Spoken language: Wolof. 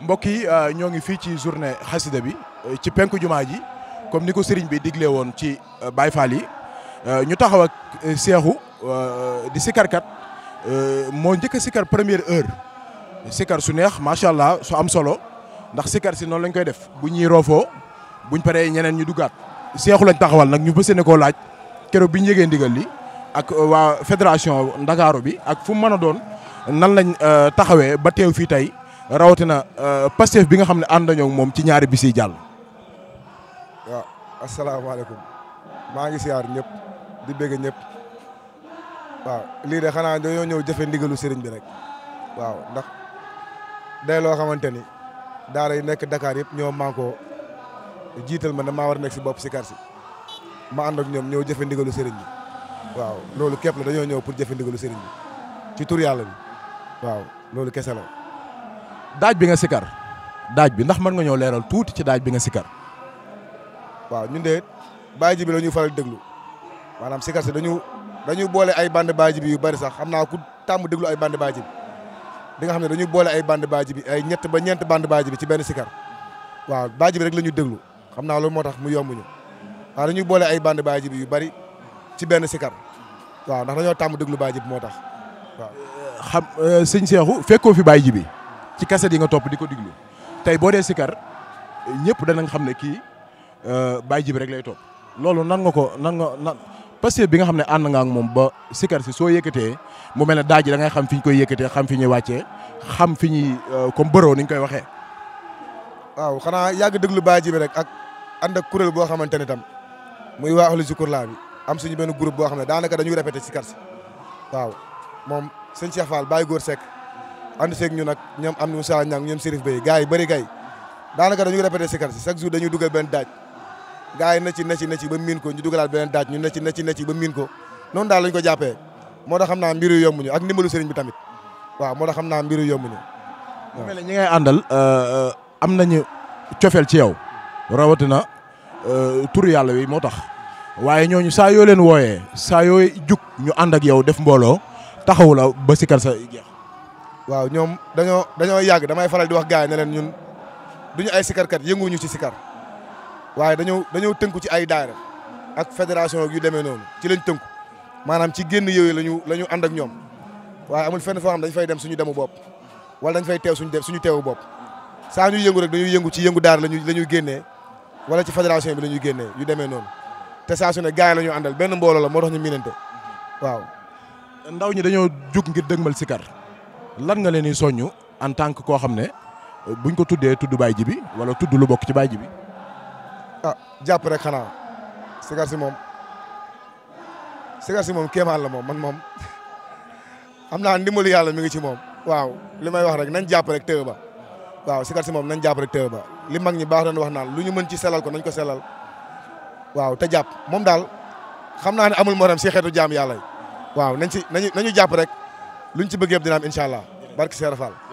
mbokk yi euh, ñoo ngi fii ci journée xasida bi euh, ci penku jumaa ji comme ni ko sëriñ bi digle woon ci euh, Baye Fall yi ñu taxaw ak seexu di sikarkat moo njëkk a sikar première heure sikar su neex macha allah soo am solo ndax sikar si noon lañ koy def bu ñuy roofoo buñ paree ñeneen ñu dugaat seexu lañ taxawal nag ñu bësee ne koo laaj keroog bi ñu yëgee ndigal li ak waa fédération ndakaaro bi ak fu mu mën a doon nan lañ taxawee ba teew fii tey rawatina euh, Pastef bi nga xam ne ànd moom ci ñaari bi yi jàll. waaw asalaamaaleykum maa ngi siyaar ñëpp di bëgg ñëpp waaw lii de xanaa dañoo ñëw jëfe ndigalu sëriñ bi rek waaw ndax day loo xamante ni daara yi nekk Dakar yëpp ñoo mànkoo jiital ma damaa war nekk si bopp si kar si ñoom ñëw jëfe ndigalu bi waaw loolu képp la dañoo ñëw pour jëfe ndigalu sëriñ bi ci tur yàlla bi waaw loolu kese la. daaj bi nga sikar daaj bi ndax mën nga ñëw leeral tuuti ci daaj bi nga sikar waaw ñun de baay ji bi la ñuy faral déglu maanaam sikar si dañu dañuy boole ay bande baay ji bi yu bari sax xam naa ku tàmm déglu ay bande baay ji di nga xam ne dañuy boole ay bande baay ji bi ay ñett ba ñeent bande baay bi ci benn sikar waaw baay bi rek la ñuy déglu xam naa loolu moo tax mu yomb ñu waaw dañuy boole ay bande baay bi yu bari ci benn sikar waaw ndax dañoo tàmm déglu baay ji bi moo tax waaw. xam euh, sëñ Cheikhou fekkoo fi baay ji bi ci kaset yi nga topp di ko diglu tey boo dee sikar ñëpp danañ xam ne kii euh, Baye jib rek lay topp loolu nan nga ko nan nga nan parce bi nga xam ne ànd nga am moom ba sikar soo yëkkatee mu mel ne daa ji da ngay xam fi ñu koy yëkkatee xam fi ñuy wàccee xam fi ñuy euh, comme bëroo ni koy waxee. waaw xanaa yàgg déglu Baye Djibi rek ak ànd ak kuréel boo xamante ne tam muy waa ahlu zikur bi am suñu benn groupe boo xam ne daanaka dañuy répété sikar si waaw moom sëñ Cheikh Fall Baye Góor Seck ànd seeg ñu nag ñoom am Moussa Niang ñoom Serif Bey gars yi bëri kay daanaka dañu répété sikar si chaque jour dañuy dugal benn daaj gars yi na na ci ba miin ko ñu dugalaat beneen daaj ñu na ci na ci na ba miin ko noonu daal lañ ko jàppee moo tax xam naa mbiru yombuñu ak ndimbalu sëriñ bi tamit waaw moo tax xam naa mbiru yombuñu mu mel ne ñi ngay àndal euh, euh, am nañu cofeel ci yow rawatina euh, tur yàlla wi moo tax waaye ñooñu saa yoo leen wooyee saa yoo jug ñu ànd ak yow def mbooloo taxaw la ba waaw ñoom dañoo dañoo yàgg damay faral di wax gars yi ne leen ñun duñu ay sikarkat yënguwuñu ci sikar waaye dañoo dañoo tënku ci ay daayira ak fédération yu demee noonu ci lañ tënku maanaam ci génn yooyu lañu la ñu ànd ak ñoom waaye amul fenn foo xam dañ fay dem suñu demu bopp wala dañ fay teew suñu dem suñu teewu bopp saa ñuy yëngu rek dañuy yëngu ci yëngu daara la ñuy génnee wala ci fédération bi la génnee yu demee noonu te saa su ne gars yi la ñu àndal benn mbooloo la moo tox ñu miinante waaw ndaw ñi dañoo jug ngir dëgmal sikar lan nga leen di soññu en tant que koo xam ne euh, buñ ko tuddee tudd baay ji bi wala tudd lu bokk ci baay ji bi. ah jàpp rek xanaa sigar si moom sigar si moom kéemaan la moom man moom am naa ndimbalu yàlla mi ngi ci moom waaw li may wax rek nañ jàpp rek téye ba waaw sigar si moom nañ jàpp rek téye li mag ñi baax doon wax naan lu ñu mën ci selal ko nañ ko selal waaw te jàpp moom daal xam naa ne amul morom si xeetu jaam yàlla yi waaw nañu nañu rek. luñ ci bëgg yëpp dina am incha allah barke Seera Fall